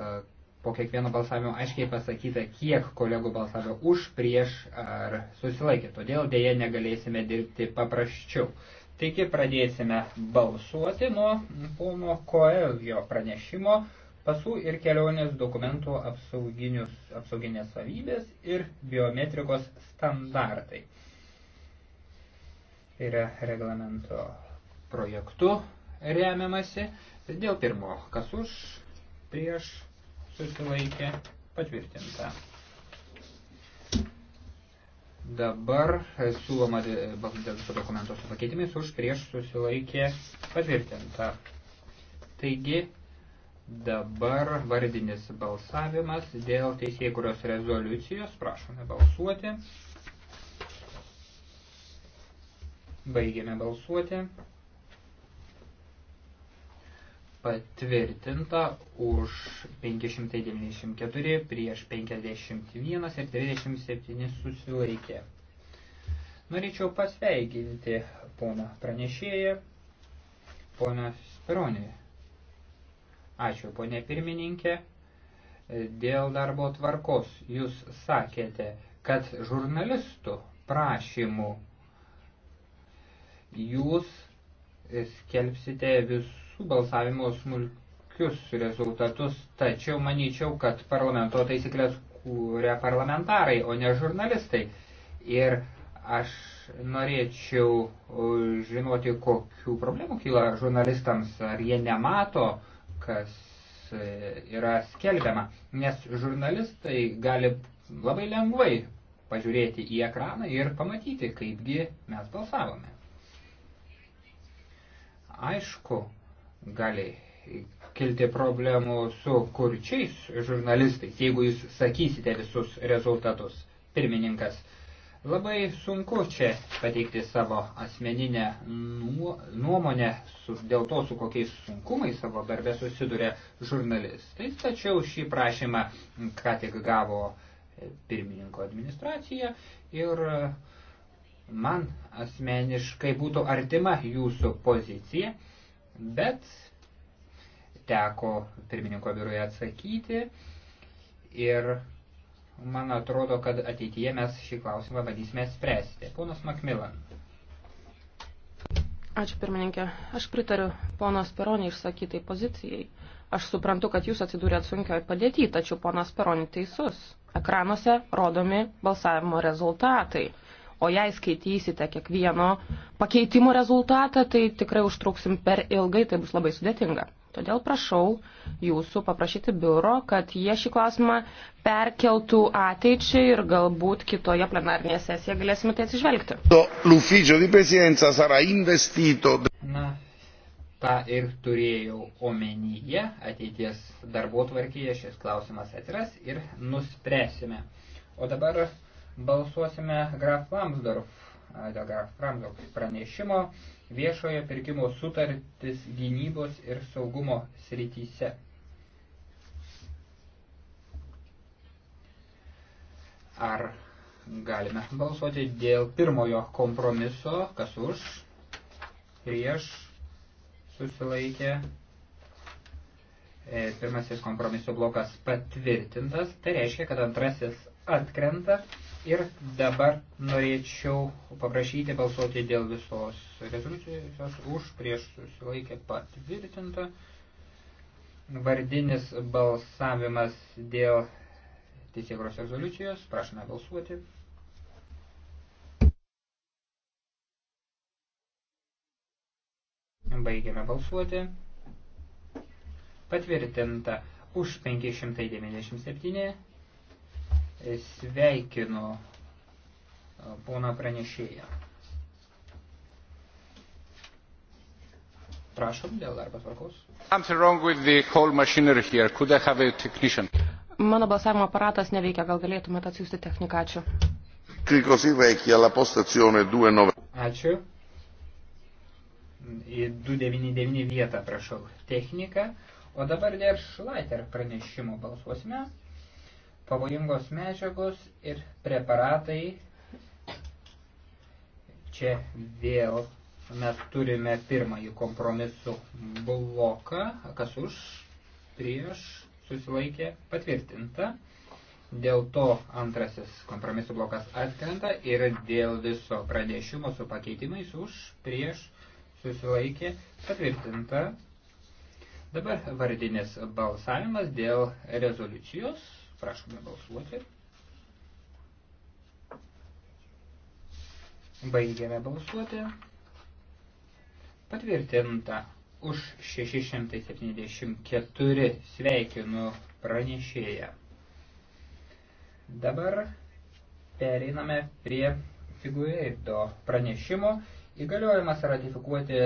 E, po kiekvieno balsavimo aiškiai pasakyta, kiek kolegų balsavo už, prieš ar susilaikė. Todėl dėje negalėsime dirbti paprasčiau. Taigi pradėsime balsuoti nuo pono Koelgio pranešimo pasų ir kelionės dokumentų apsauginės savybės ir biometrikos standartai. Tai yra reglamento projektu remiamasi. Dėl pirmo, kas už, prieš, susilaikė patvirtinta. Dabar siūloma e, su dokumento su pakeitimais už prieš susilaikė patvirtinta. Taigi dabar vardinis balsavimas dėl teisėjų kurios rezoliucijos. Prašome balsuoti. Baigėme balsuoti patvirtinta už 594 prieš 51 ir 37 susilaikė. Norėčiau pasveikinti poną pranešėją, poną Speronį. Ačiū, ponė pirmininkė. Dėl darbo tvarkos jūs sakėte, kad žurnalistų prašymų jūs skelbsite visų su balsavimo smulkius rezultatus, tačiau manyčiau, kad parlamento taisyklės kūrė parlamentarai, o ne žurnalistai. Ir aš norėčiau žinoti, kokių problemų kyla žurnalistams, ar jie nemato, kas e, yra skelbiama, nes žurnalistai gali labai lengvai pažiūrėti į ekraną ir pamatyti, kaipgi mes balsavome. Aišku, gali kilti problemų su kurčiais žurnalistais, jeigu jūs sakysite visus rezultatus. Pirmininkas, labai sunku čia pateikti savo asmeninę nuomonę su, dėl to, su kokiais sunkumais savo darbę susiduria žurnalistai. Tačiau šį prašymą ką tik gavo pirmininko administracija ir man asmeniškai būtų artima jūsų pozicija bet teko pirmininko biurui atsakyti ir man atrodo, kad ateityje mes šį klausimą bandysime spręsti. Ponas Makmilan. Ačiū pirmininkė. Aš pritariu ponas Peronį išsakytai pozicijai. Aš suprantu, kad jūs atsidūrėt sunkioj padėtyje, tačiau ponas Peronį teisus. Ekranuose rodomi balsavimo rezultatai. O jei skaitysite kiekvieno pakeitimo rezultatą, tai tikrai užtruksim per ilgai, tai bus labai sudėtinga. Todėl prašau jūsų paprašyti biuro, kad jie šį klausimą perkeltų ateičiai ir galbūt kitoje plenarnėje sesijoje galėsime tai atsižvelgti. Na, tą ir turėjau omenyje, ateities darbo tvarkyje šis klausimas atsiras ir nuspręsime. O dabar balsuosime Graf Lambsdorff, dėl Graf Lambsdorff pranešimo viešojo pirkimo sutartis gynybos ir saugumo srityse. Ar galime balsuoti dėl pirmojo kompromiso, kas už, prieš, susilaikė. E, pirmasis kompromiso blokas patvirtintas, tai reiškia, kad antrasis atkrenta. Ir dabar norėčiau paprašyti balsuoti dėl visos rezoliucijos už prieš susilaikę patvirtintą. Vardinis balsavimas dėl teisėgros rezoliucijos. Prašome balsuoti. Baigėme balsuoti. Patvirtinta už 597 Sveikinu e, poną pranešėją. Prašom, dėl darbo tvarkos. Mano balsavimo aparatas neveikia, gal galėtumėte atsiųsti techniką, ačiū. Ačiū. Į 299 vietą prašau techniką, o dabar dėl Šlaiter pranešimo balsuosime pavojingos medžiagos ir preparatai. Čia vėl mes turime pirmąjį kompromisų bloką, kas už, prieš, susilaikė, patvirtinta. Dėl to antrasis kompromisų blokas atkrenta ir dėl viso pranešimo su pakeitimais už, prieš, susilaikė, patvirtinta. Dabar vardinis balsavimas dėl rezoliucijos. Prašome balsuoti. Baigėme balsuoti. Patvirtinta už 674 sveikinu pranešėją. Dabar pereiname prie figūreido pranešimo Įgaliojimas ratifikuoti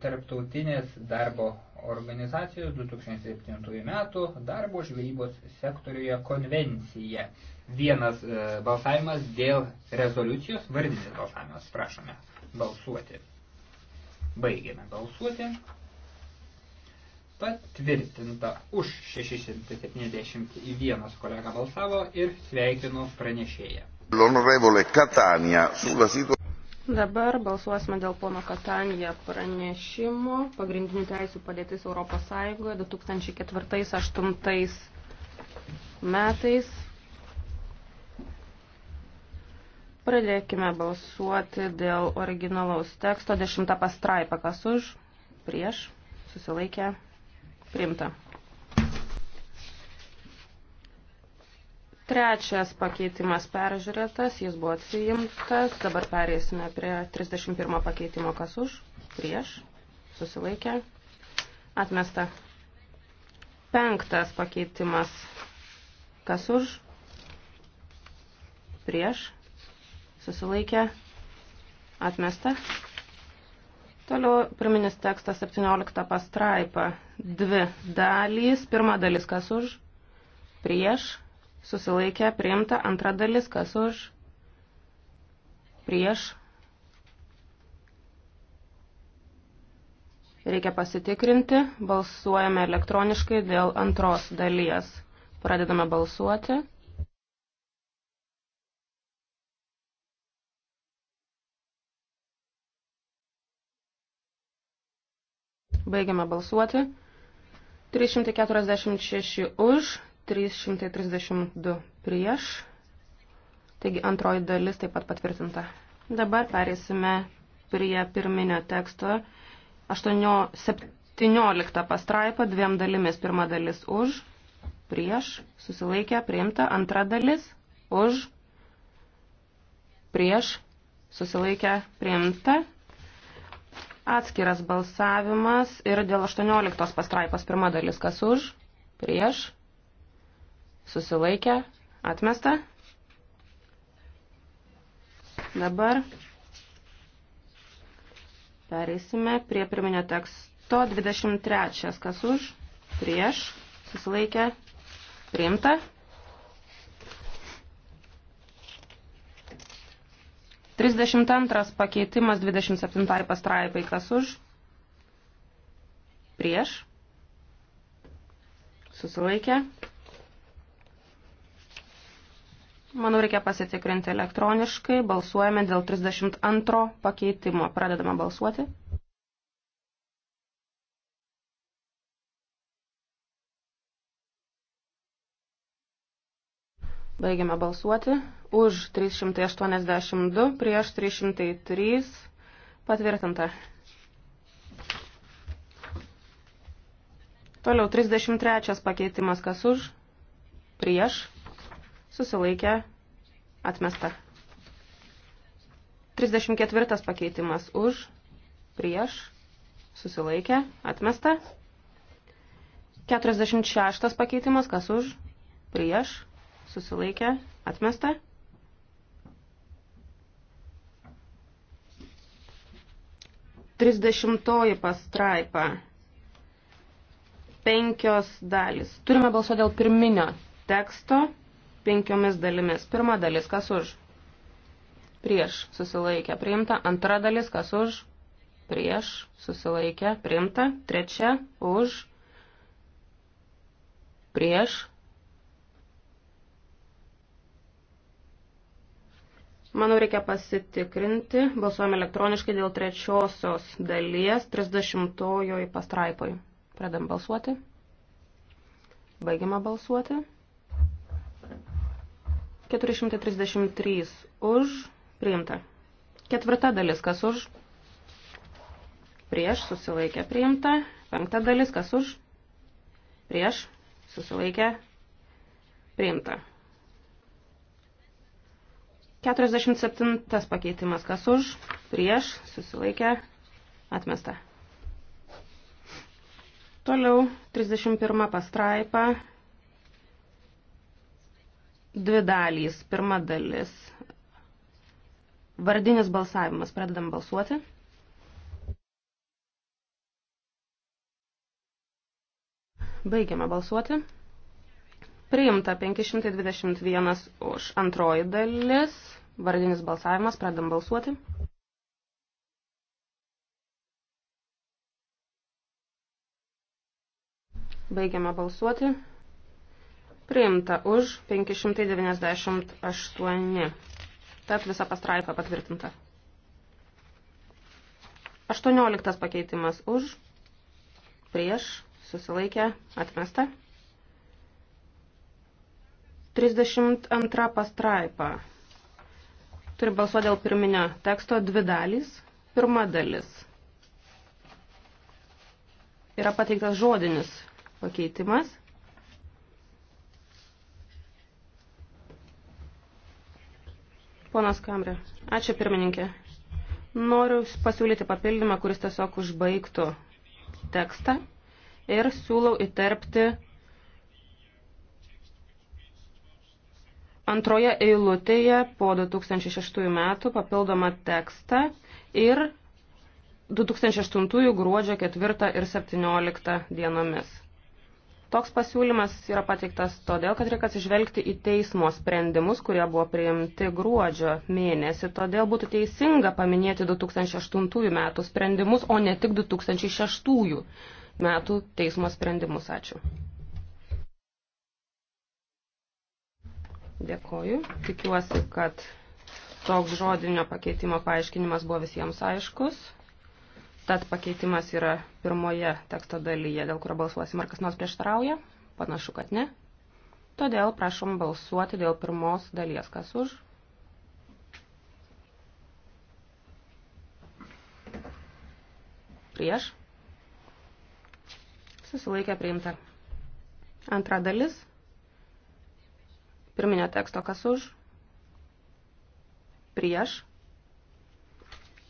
tarptautinės darbo organizacijos 2007 metų darbo žvejybos sektoriuje konvencija. Vienas e, balsavimas dėl rezoliucijos, vardinis balsavimas, prašome balsuoti. Baigėme balsuoti. Patvirtinta už 671 kolega balsavo ir sveikinu pranešėją. L'onorevole Catania sulla situazione. Dabar balsuosime dėl pono Katanija pranešimo pagrindinių teisų padėtis Europos Sąjungoje 2004-2008 metais. Pradėkime balsuoti dėl originalaus teksto 10 pastraipą, kas už, prieš, susilaikę, primta. Trečias pakeitimas peržiūrėtas, jis buvo atsiimtas. Dabar pereisime prie 31 pakeitimo, kas už, prieš, susilaikė, atmesta. Penktas pakeitimas, kas už, prieš, susilaikė, atmesta. Toliau pirminis tekstas 17 pastraipa, dvi dalys, pirma dalis kas už, prieš, susilaikė priimta antra dalis, kas už, prieš. Reikia pasitikrinti, balsuojame elektroniškai dėl antros dalies. Pradedame balsuoti. Baigiame balsuoti. 346 už, 332 prieš. Taigi antroji dalis taip pat patvirtinta. Dabar perėsime prie pirminio teksto. 8, 17 pastraipa dviem dalimis. Pirma dalis už, prieš, susilaikę, priimta. Antra dalis už, prieš, susilaikę, priimta. Atskiras balsavimas ir dėl 18 pastraipos pirma dalis kas už, prieš, susilaikę, atmesta. Dabar pereisime prie pirminio teksto 23, kas už, prieš, susilaikę, priimta. 32 pakeitimas 27 pastraipai kas už? Prieš? Susilaikė? Manau, reikia pasitikrinti elektroniškai. Balsuojame dėl 32 pakeitimo. Pradedame balsuoti. Baigiame balsuoti. Už 382, prieš 303. Patvirtinta. Toliau 33 pakeitimas kas už, prieš, susilaikė, atmesta. 34 pakeitimas už, prieš, susilaikė, atmesta. 46 pakeitimas, kas už, prieš, susilaikė, atmesta. 30 pastraipa. Penkios dalys. Turime balsuoti dėl pirminio teksto penkiomis dalimis. Pirma dalis, kas už? Prieš susilaikę priimta. Antra dalis, kas už? Prieš susilaikę priimta. Trečia, už? Prieš Manau, reikia pasitikrinti. Balsuojame elektroniškai dėl trečiosios dalies 30 pastraipoj. Pradam balsuoti. Baigiame balsuoti. 433 už, priimta. Ketvirta dalis, kas už, prieš, susilaikė, priimta. Penkta dalis, kas už, prieš, susilaikė, priimta. 47 pakeitimas, kas už, prieš, susilaikė, atmesta. Toliau 31 pastraipa, Dvi dalys. Pirma dalis. Vardinis balsavimas. Pradedam balsuoti. Baigiame balsuoti. Priimta 521 už antroji dalis. Vardinis balsavimas. Pradedam balsuoti. Baigiame balsuoti. Priimta už 598. Tad visa pastraipa patvirtinta. 18 pakeitimas už, prieš, susilaikę, atmesta. 32 pastraipa. Turi balsuoti dėl pirminio teksto dvi dalys. Pirma dalis. Yra pateiktas žodinis pakeitimas Ponas Kamrė, ačiū pirmininkė. Noriu pasiūlyti papildymą, kuris tiesiog užbaigtų tekstą ir siūlau įterpti antroje eilutėje po 2006 metų papildomą tekstą ir 2008 gruodžio 4 ir 17 dienomis. Toks pasiūlymas yra pateiktas todėl, kad reikia atsižvelgti į teismo sprendimus, kurie buvo priimti gruodžio mėnesį. Todėl būtų teisinga paminėti 2008 metų sprendimus, o ne tik 2006 metų teismo sprendimus. Ačiū. Dėkoju. Tikiuosi, kad toks žodinio pakeitimo paaiškinimas buvo visiems aiškus. Tad pakeitimas yra pirmoje teksto dalyje, dėl kurio balsuosim. Ar kas nors prieštarauja? Panašu, kad ne. Todėl prašom balsuoti dėl pirmos dalies. Kas už? Prieš. Susilaikę priimta. Antra dalis. Pirminio teksto kas už? Prieš.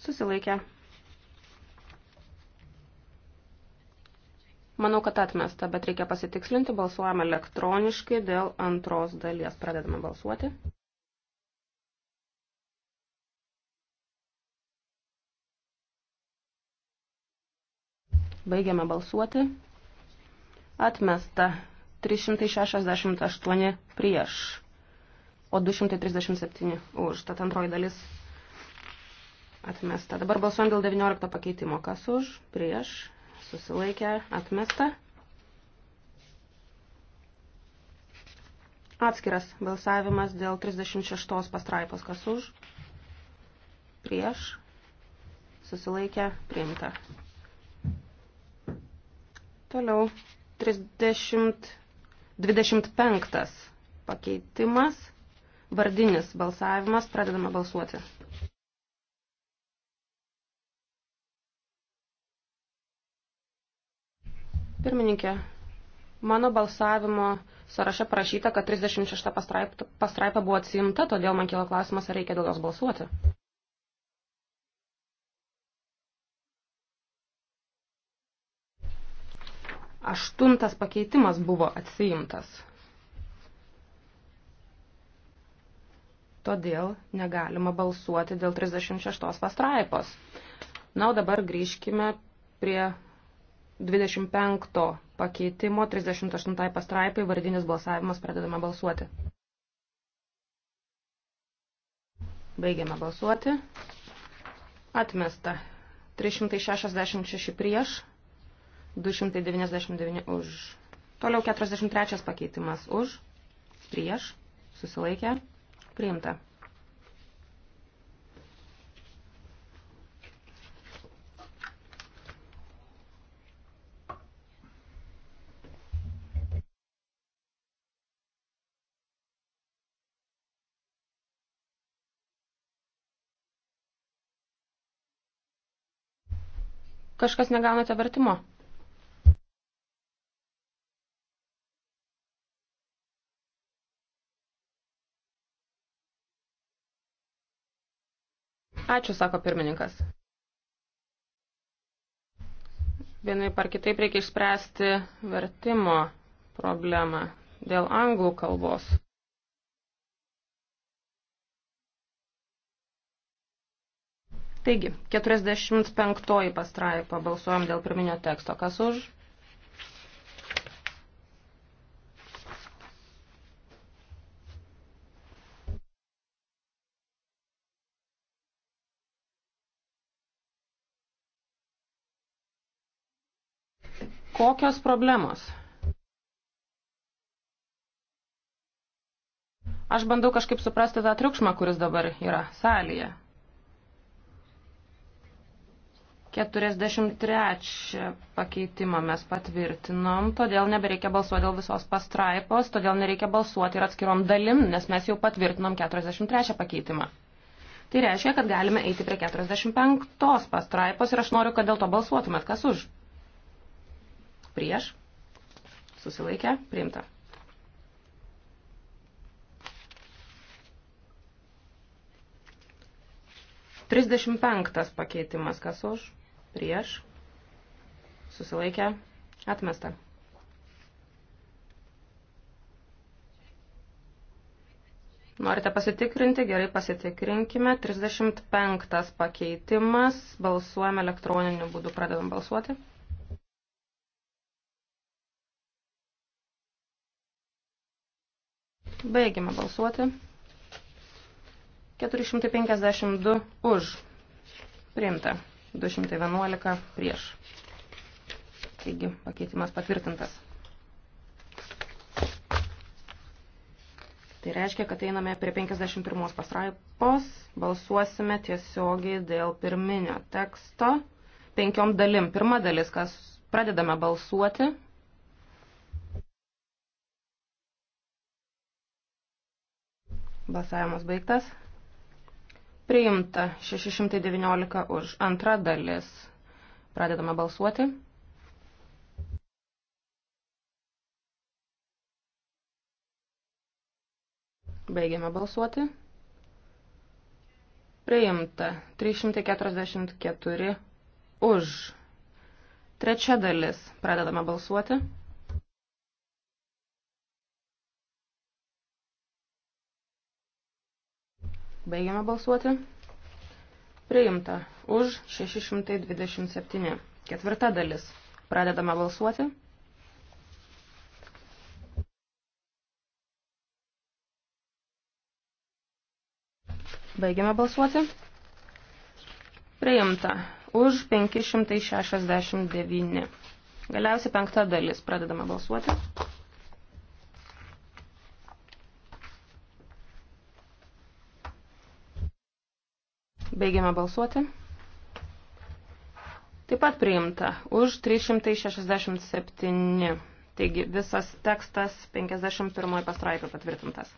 Susilaikę priimta Manau, kad atmesta, bet reikia pasitikslinti. Balsuojame elektroniškai dėl antros dalies. Pradedame balsuoti. Baigiame balsuoti. Atmesta 368 prieš, o 237 už. Tad antroji dalis atmesta. Dabar balsuojam dėl 19 pakeitimo. Kas už? Prieš susilaikę, atmesta. Atskiras balsavimas dėl 36 pastraipos, kas už, prieš, susilaikę, priimta. Toliau 30, 25 pakeitimas, vardinis balsavimas, pradedama balsuoti. Pirmininkė, mano balsavimo sąraše parašyta, kad 36 pastraipa, pastraipa buvo atsiimta, todėl man kilo klausimas, ar reikia dėl jos balsuoti. aštuntas pakeitimas buvo atsiimtas. Todėl negalima balsuoti dėl 36 pastraipos. Na, o dabar grįžkime prie 25 pakeitimo 38 pastraipai vardinis balsavimas pradedame balsuoti. Baigiame balsuoti. Atmesta. 366 prieš, 299 už. Toliau 43 pakeitimas už, prieš, susilaikę, priimta. Kažkas negaunate vertimo. Ačiū, sako pirmininkas. Vienai par kitaip reikia išspręsti vertimo problemą dėl anglų kalbos. Taigi, 45 pastraipa balsuojam dėl pirminio teksto. Kas už? Kokios problemos? Aš bandau kažkaip suprasti tą triukšmą, kuris dabar yra salėje. 43 pakeitimą mes patvirtinom, todėl nebereikia balsuoti dėl visos pastraipos, todėl nereikia balsuoti ir atskirom dalim, nes mes jau patvirtinom 43 pakeitimą. Tai reiškia, kad galime eiti prie 45 pastraipos ir aš noriu, kad dėl to balsuotumėt. Kas už? Prieš? Susilaikę? Priimta. Trisdešimt penktas pakeitimas. Kas už? prieš, susilaikę, atmesta. Norite pasitikrinti? Gerai pasitikrinkime. 35 pakeitimas. Balsuojame elektroniniu būdu. Pradedam balsuoti. Baigime balsuoti. 452 už. Priimta. 211 prieš. Taigi pakeitimas patvirtintas. Tai reiškia, kad einame prie 51 pastraipos, balsuosime tiesiogiai dėl pirminio teksto penkiom dalim. Pirma dalis, kas pradedame balsuoti. Balsavimas baigtas. Priimta 619 už antrą dalis. Pradedame balsuoti. Baigiame balsuoti. Priimta 344 už. Trečia dalis. Pradedame balsuoti. Baigiame balsuoti. Priimta. Už 627. Ketvirta dalis. Pradedame balsuoti. Baigiame balsuoti. Priimta. Už 569. Galiausiai penkta dalis. Pradedame balsuoti. Baigiame balsuoti. Taip pat priimta už 367. Taigi visas tekstas 51 pastraipio patvirtintas.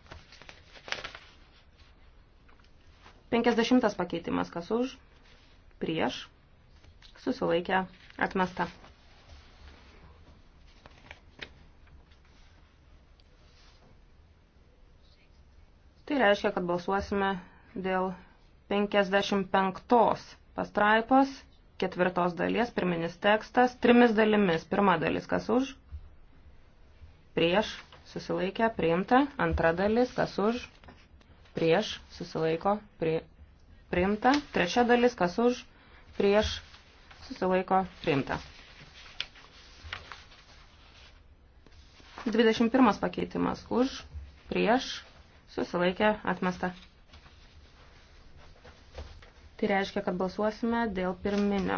50 pakeitimas kas už, prieš, susilaikę, atmesta. Tai reiškia, kad balsuosime dėl 55 pastraipos ketvirtos dalies pirminis tekstas trimis dalimis. Pirma dalis kas už, prieš, susilaikę, priimta. Antra dalis kas už, prieš, susilaiko, pri, priimta. Trečia dalis kas už, prieš, susilaiko, priimta. 21 pakeitimas už, prieš, susilaikė, atmesta. Tai reiškia, kad balsuosime dėl pirminio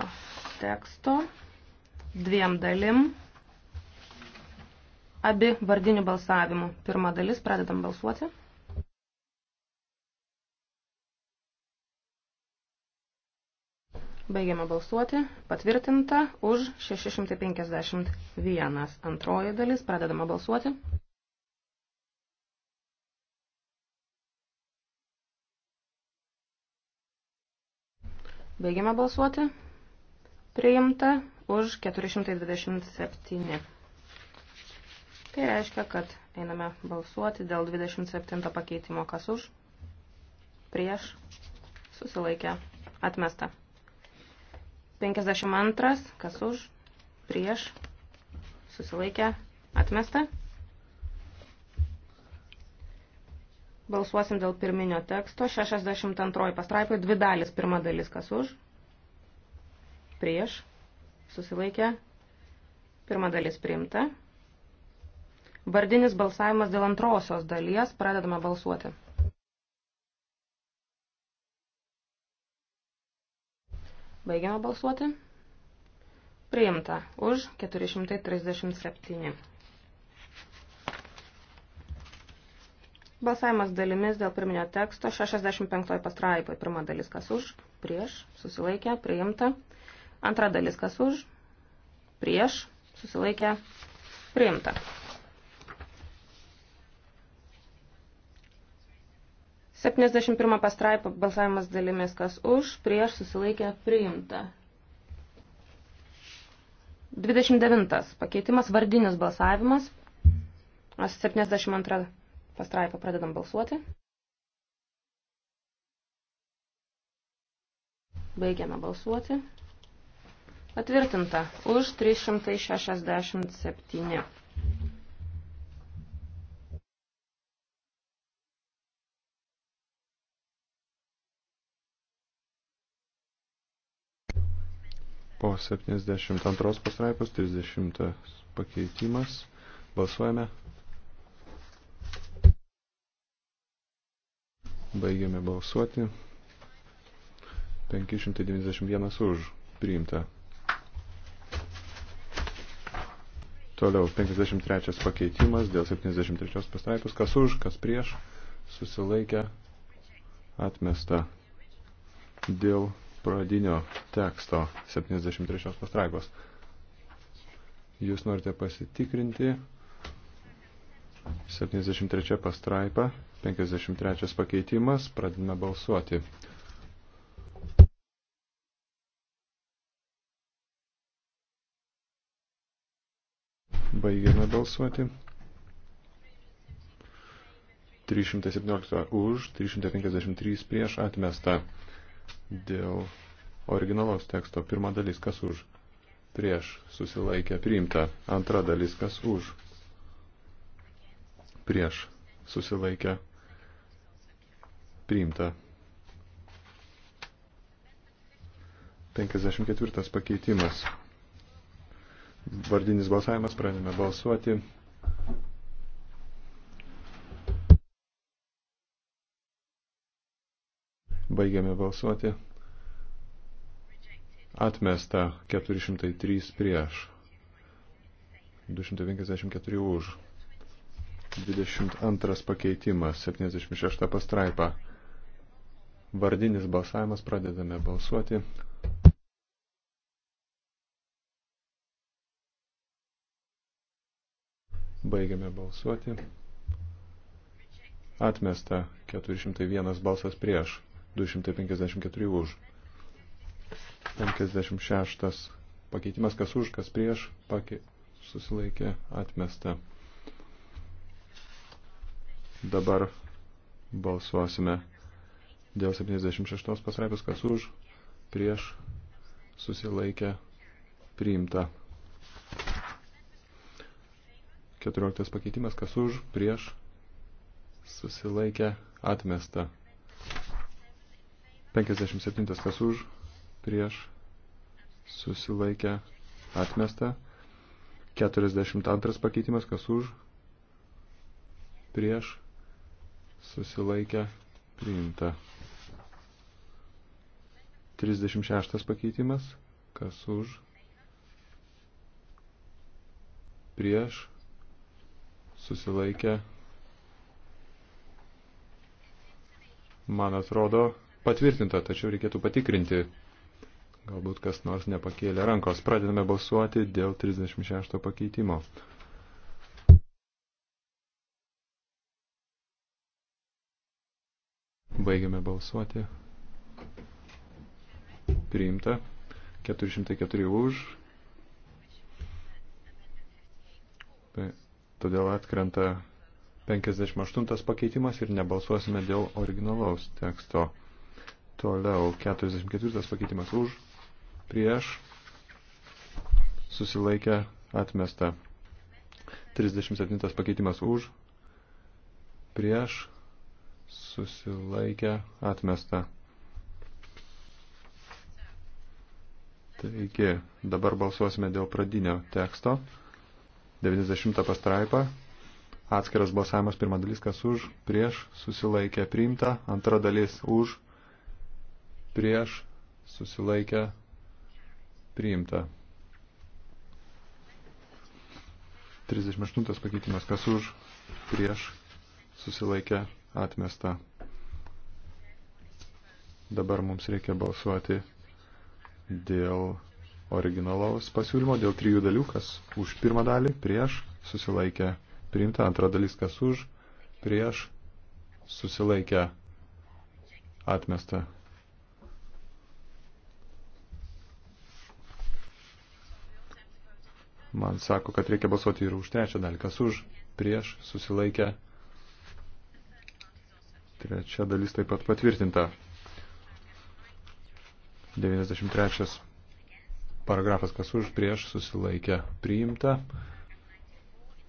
teksto dviem dalim, abi vardinių balsavimų. Pirma dalis, pradedam balsuoti. Baigiame balsuoti. Patvirtinta už 651. Antroji dalis, pradedama balsuoti. Baigiame balsuoti. Priimta už 427. Tai reiškia, kad einame balsuoti dėl 27 pakeitimo kas už, prieš, susilaikę, atmesta. 52 kas už, prieš, susilaikę, atmesta. Balsuosim dėl pirminio teksto. 62 pastraipai, dvi dalis. Pirma dalis, kas už? Prieš. Susilaikė. Pirma dalis priimta. Vardinis balsavimas dėl antrosios dalies. Pradedame balsuoti. Baigiame balsuoti. Priimta už 437. Balsavimas dalimis dėl pirminio teksto 65 pastraipai. Pirma dalis kas už, prieš, susilaikę, priimta. Antra dalis kas už, prieš, susilaikę, priimta. Septyniasdešimt pirmą pastraipą balsavimas dalimis kas už, prieš, susilaikę, priimta. Dvidešimt devintas pakeitimas vardinis balsavimas. 72 pastraipą pradedam balsuoti. Baigiame balsuoti. Patvirtinta už 367. Po 72 pastraipos 30 pakeitimas. Balsuojame. Baigiame balsuoti. 591 už priimta. Toliau 53 pakeitimas dėl 73 pastraipos. Kas už, kas prieš, susilaikę, atmesta dėl pradinio teksto 73 pastraipos. Jūs norite pasitikrinti 73 pastraipą. 53 pakeitimas, pradina balsuoti. Baigiame balsuoti. 317 už, 353 prieš atmesta dėl originalaus teksto. Pirma dalis kas už, prieš susilaikę priimta. Antra dalis kas už, prieš susilaikę Priimta. 54 pakeitimas. Vardinis balsavimas, pradėme balsuoti. Baigiame balsuoti. Atmesta 403 prieš. 254 už. 22 pakeitimas, 76 pastraipa. Vardinis balsavimas, pradedame balsuoti. Baigiame balsuoti. Atmesta 401 balsas prieš, 254 už. 56 pakeitimas, kas už, kas prieš, pake, susilaikė atmesta. Dabar balsuosime Dėl 76 pasraipės, kas už, prieš, susilaikė, priimta. 14 pakeitimas, kas už, prieš, susilaikė, atmesta. 57 kas už, prieš, susilaikė, atmesta. 42 pakeitimas, kas už, prieš, susilaikė, priimta. 36 pakeitimas, kas už, prieš, susilaikę. Man atrodo, patvirtinta, tačiau reikėtų patikrinti. Galbūt kas nors nepakėlė rankos. Pradedame balsuoti dėl 36 pakeitimo. Baigiame balsuoti priimta, 404 už, tai todėl atkrenta 58 pakeitimas ir nebalsuosime dėl originalaus teksto. Toliau 44 pakeitimas už, prieš, susilaikę, atmesta. 37 pakeitimas už, prieš, susilaikę, atmesta. Taigi, dabar balsuosime dėl pradinio teksto. 90 pastraipą. Atskiras balsavimas pirma dalis, kas už, prieš, susilaikė, priimta. Antra dalis už, prieš, susilaikė, priimta. 38 pakeitimas, kas už, prieš, susilaikė, atmesta. Dabar mums reikia balsuoti dėl originalaus pasiūlymo, dėl trijų dalių, kas už pirmą dalį, prieš, susilaikė priimta, antra dalis, kas už, prieš, susilaikė atmesta. Man sako, kad reikia balsuoti ir už trečią dalį, kas už, prieš, susilaikė. Trečia dalis taip pat patvirtinta. 93 paragrafas kas už, prieš susilaikė priimta.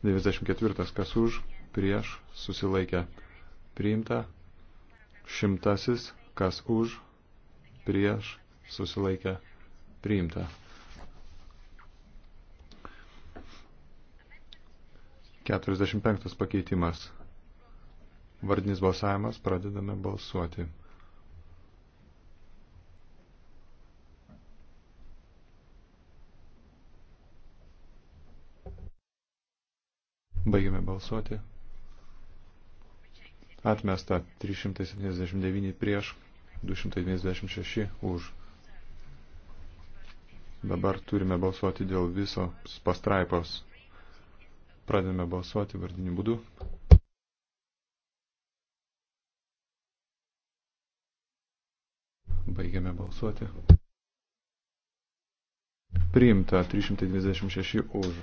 94 kas už, prieš susilaikė priimta. Šimtasis kas už, prieš susilaikė priimta. Keturiasdešimt penktas pakeitimas. Vardinis balsavimas, pradedame balsuoti. Baigiame balsuoti. Atmesta 379 prieš, 296 už. Dabar turime balsuoti dėl viso pastraipos. Pradėme balsuoti vardiniu būdu. Baigiame balsuoti. Priimta 326 už.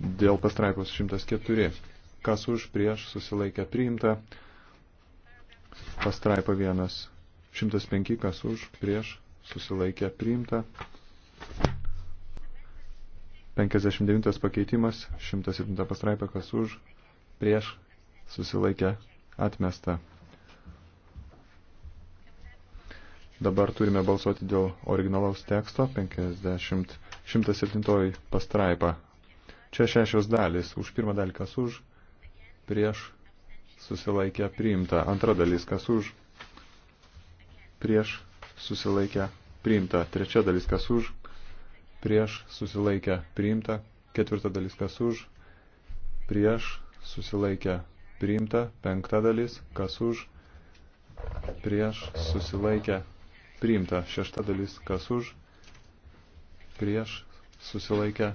dėl pastraipos 104. Kas už prieš susilaikę priimta. Pastraipa 1. 105. Kas už prieš susilaikę priimta. 59 pakeitimas, 107 pastraipė, kas už, prieš, susilaikę, atmesta. Dabar turime balsuoti dėl originalaus teksto, 50, 107 pastraipa, Čia šešios dalis. Už pirmą dalį kas už, prieš susilaikę priimta. Antra dalis kas už, prieš susilaikę priimta. Trečia dalis kas už, prieš susilaikę priimta. Ketvirta dalis kas už, prieš susilaikę priimta. Penkta dalis kas už, prieš susilaikę priimta. Šešta dalis kas už, prieš susilaikę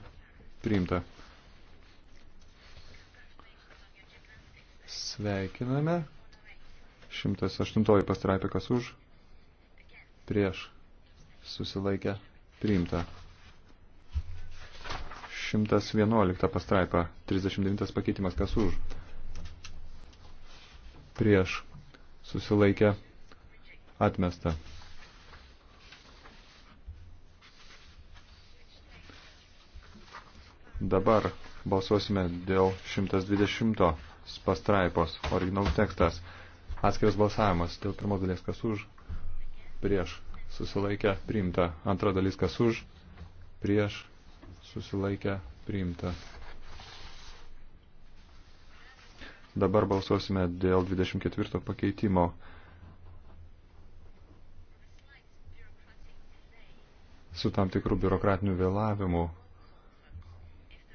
priimta. Sveikiname. 108 pastraipikas už. Prieš. Susilaikę. Priimta. 111 pastraipa. 39 pakeitimas. Kas už? Prieš. Susilaikę. Atmesta. Dabar balsuosime dėl 120 pastraipos, originalus tekstas, atskiras balsavimas, dėl pirmos dalies kas už, prieš, susilaikę, priimta, antra dalis kas už, prieš, susilaikę, priimta. Dabar balsuosime dėl 24 pakeitimo. Su tam tikrų biurokratinių vėlavimų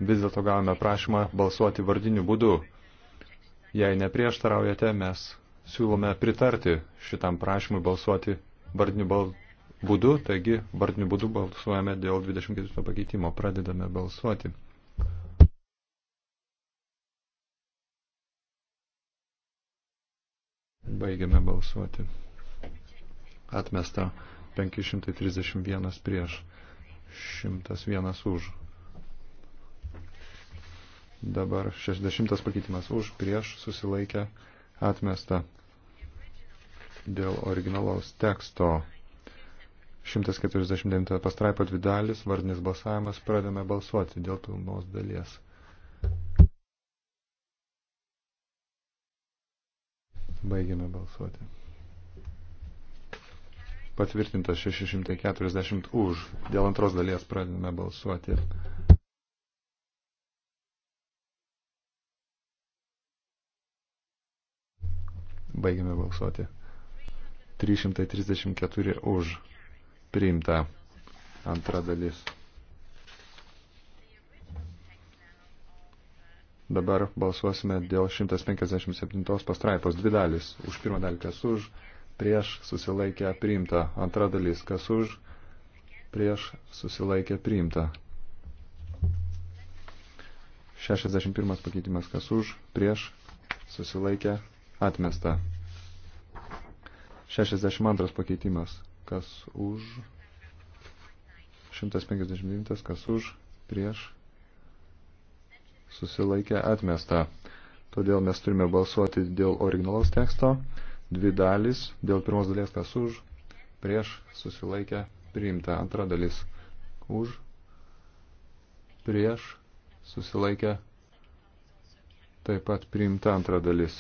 vis dėlto gavome prašymą balsuoti vardiniu būdu. Jei neprieštaraujate, mes siūlome pritarti šitam prašymui balsuoti vardiniu bal... būdu, taigi vardiniu būdu balsuojame dėl 24 pakeitimo. Pradedame balsuoti. Baigiame balsuoti. Atmesta 531 prieš, 101 už. Dabar 60 pakeitimas už, prieš, susilaikę, atmesta. Dėl originalaus teksto 149 pastraipo dvi dalis, vardinis balsavimas, pradame balsuoti dėl pilnos dalies. Baigiame balsuoti. Patvirtintas 640 už. Dėl antros dalies pradedame balsuoti. Baigiame balsuoti. 334 už. Priimta. Antra dalis. Dabar balsuosime dėl 157 pastraipos dvi dalis. Už pirmą dalį kas už, prieš susilaikę priimta. Antra dalis kas už, prieš susilaikę priimta. 61 pakeitimas kas už, prieš susilaikę Atmesta. 62 pakeitimas. Kas už? 159. Kas už? Prieš? Susilaikė. Atmesta. Todėl mes turime balsuoti dėl originalaus teksto. Dvi dalys. Dėl pirmos dalies kas už? Prieš? Susilaikė. Priimta. Antra dalis. Už? Prieš? Susilaikė. Taip pat priimta antra dalis.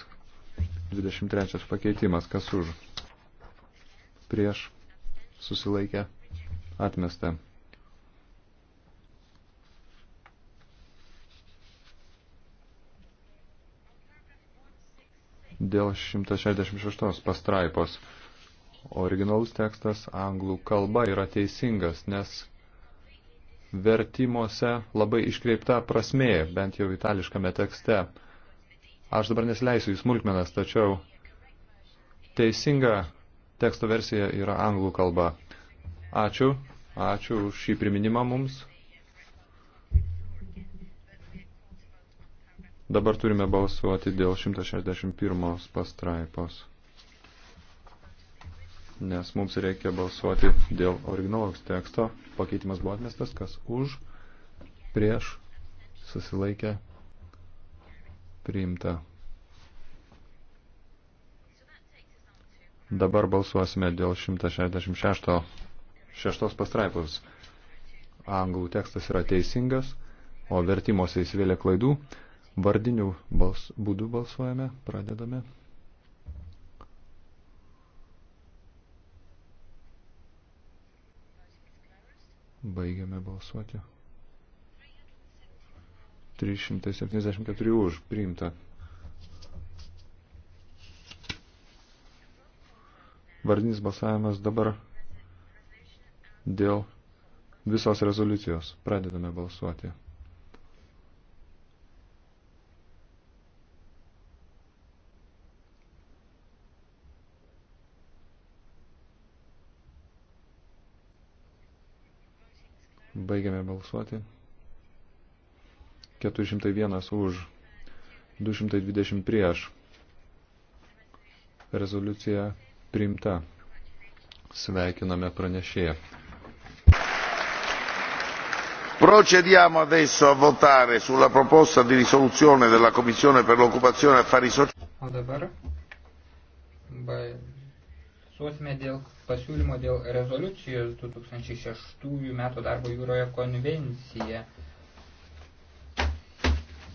23 pakeitimas, kas už, prieš, susilaikę, atmesta. Dėl 166 pastraipos originalus tekstas anglų kalba yra teisingas, nes vertimuose labai iškreipta prasmė, bent jau itališkame tekste Aš dabar nesileisiu į smulkmenas, tačiau teisinga teksto versija yra anglų kalba. Ačiū, ačiū už šį priminimą mums. Dabar turime balsuoti dėl 161 pastraipos, nes mums reikia balsuoti dėl originalaus teksto. Pakeitimas buvo atmestas, kas už, prieš, susilaikė priimta. Dabar balsuosime dėl 166 šeštos pastraipos. Anglų tekstas yra teisingas, o vertimuose įsivėlė klaidų. Vardinių bals, būdų balsuojame, pradedame. Baigiame balsuoti. 374 už priimta. Vardinis balsavimas dabar dėl visos rezoliucijos. Pradedame balsuoti. Baigiame balsuoti. 401 už, 220 prieš. Rezoliucija priimta. Sveikiname pranešėją. Procediamo adesso a votare sulla proposta di risoluzione della Commissione per l'occupazione e affari sociali. O dabar balsuosime dėl pasiūlymo dėl rezoliucijos 2006 metų darbo jūroje konvencija.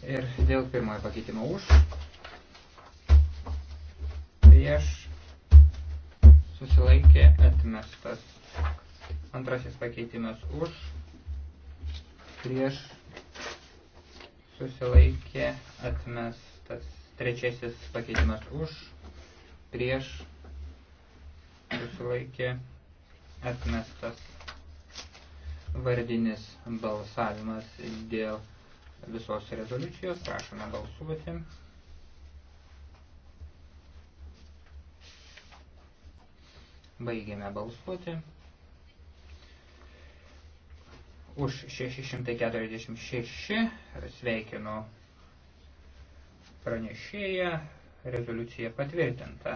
Ir dėl pirmojo pakeitimo už, prieš, susilaikė atmestas. Antrasis pakeitimas už, prieš, susilaikė atmestas. Trečiasis pakeitimas už, prieš, susilaikė atmestas. Vardinis balsavimas dėl visos rezoliucijos. Prašome balsuoti. Baigėme balsuoti. Už 646 sveikinu pranešėją. Rezoliucija patvirtinta.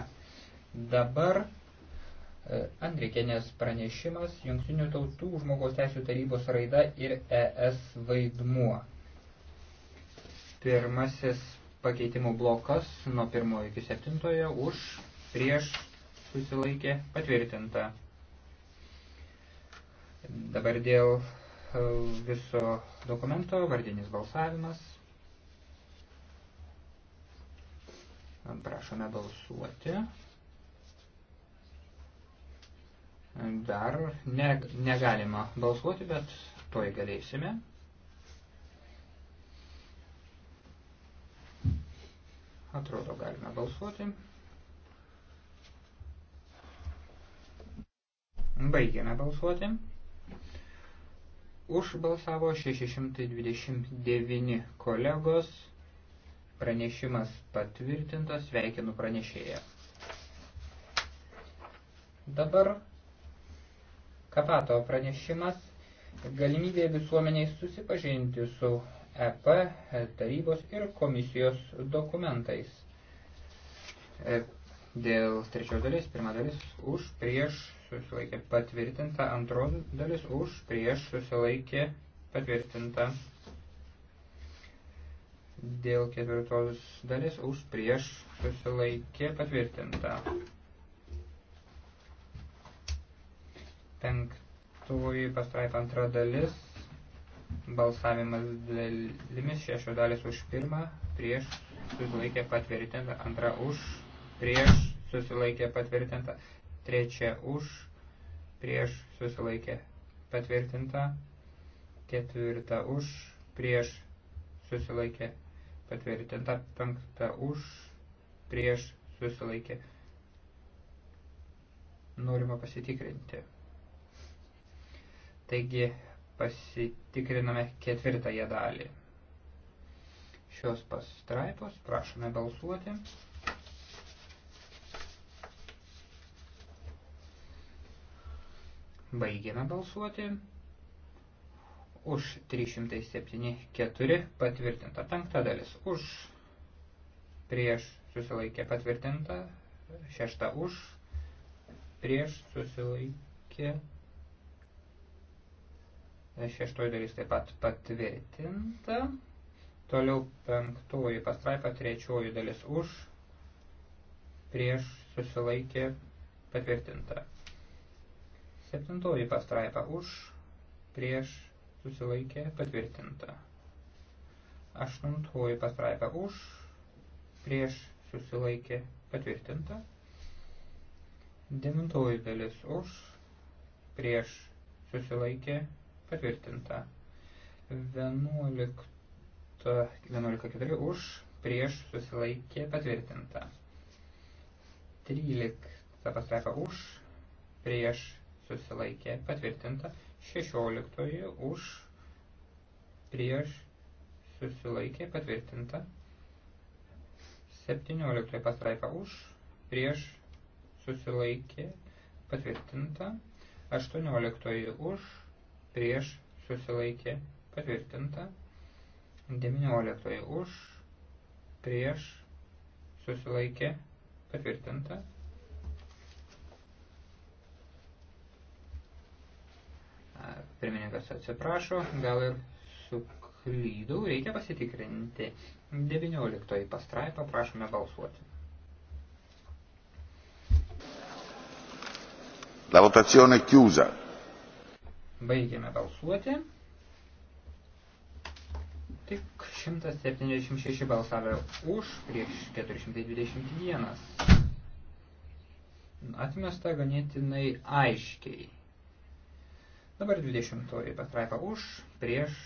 Dabar e, Andrikienės pranešimas Jungtinių tautų žmogaus teisų tarybos raida ir ES vaidmuo. Pirmasis pakeitimų blokas nuo pirmojo iki septintojo už prieš susilaikė patvirtinta. Dabar dėl e, viso dokumento vardinis balsavimas. Prašome balsuoti. Dar ne, negalima balsuoti, bet toj galėsime. Atrodo, galime balsuoti. Baigėme balsuoti. Už balsavo 629 kolegos. Pranešimas patvirtintas. Sveikinu pranešėją. Dabar Kapato pranešimas galimybė visuomeniai susipažinti su EP tarybos ir komisijos dokumentais. E, dėl trečios dalis, pirma dalis už prieš susilaikė patvirtinta, antros dalis už prieš susilaikė patvirtinta. Dėl ketvirtos dalis už prieš susilaikė patvirtinta. Penktoji pastraipa antra dalis Balsavimas dalimis šešios dalis už pirmą, prieš susilaikė patvirtinta, antra už, prieš susilaikė patvirtinta, trečia už, prieš susilaikė patvirtinta, ketvirta už, prieš susilaikė patvirtinta, penkta už, prieš susilaikė. Norima pasitikrinti. Taigi pasitikriname ketvirtąją dalį. Šios pastraipos prašome balsuoti. Baigėme balsuoti. Už 307.4 patvirtinta penkta dalis. Už prieš susilaikė patvirtinta. Šešta už prieš susilaikė patvirtinta Šeštoji dalis taip pat patvirtinta. Toliau penktoji pastraipa, trečioji dalis už, prieš susilaikė patvirtinta. Septintoji pastraipa už, prieš susilaikė patvirtinta. Aštuntoji pastraipa už, prieš susilaikė patvirtinta. Devintoji dalis už, prieš susilaikė patvirtinta patvirtinta. 11, 11.4 už, prieš susilaikė patvirtinta. 13 pastraipa už, prieš susilaikė patvirtinta. 16 už, prieš susilaikė patvirtinta. 17 pastraipa už, prieš susilaikė patvirtinta. 18 už, prieš susilaikė patvirtinta, 19 už prieš susilaikė patvirtinta. Pirmininkas atsiprašo, gal ir suklydau, reikia pasitikrinti. 19 pastraipą prašome balsuoti. La votazione è chiusa. Baigėme balsuoti. Tik 176 balsavę už prieš 421. Atmesta ganėtinai aiškiai. Dabar 20 pastraipa už prieš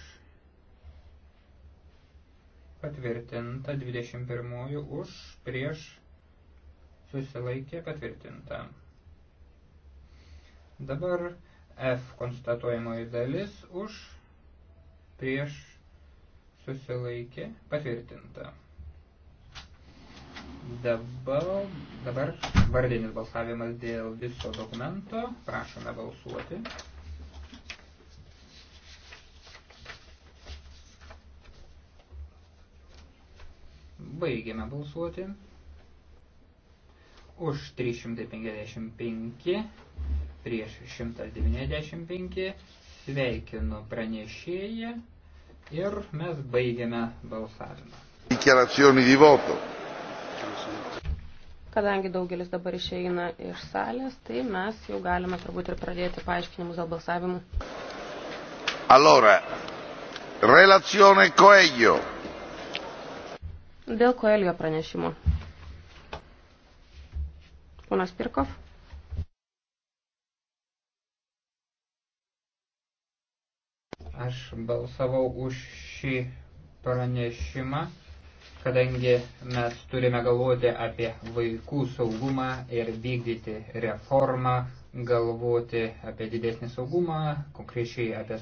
patvirtinta 21 už prieš susilaikė patvirtinta. Dabar F konstatuojamoji dalis už prieš susilaikė patvirtinta. Dabar, dabar vardinis balsavimas dėl viso dokumento. Prašome balsuoti. Baigiame balsuoti. Už 355 prieš 195. Sveikinu pranešėją ir mes baigiame balsavimą. Dichiarazioni di voto. Kadangi daugelis dabar išeina iš salės, tai mes jau galime turbūt ir pradėti paaiškinimus dėl balsavimų. Allora, relazione Coelho. Dėl Coelho pranešimo. Ponas Pirkov. Aš balsavau už šį pranešimą, kadangi mes turime galvoti apie vaikų saugumą ir vykdyti reformą, galvoti apie didesnį saugumą, konkrečiai apie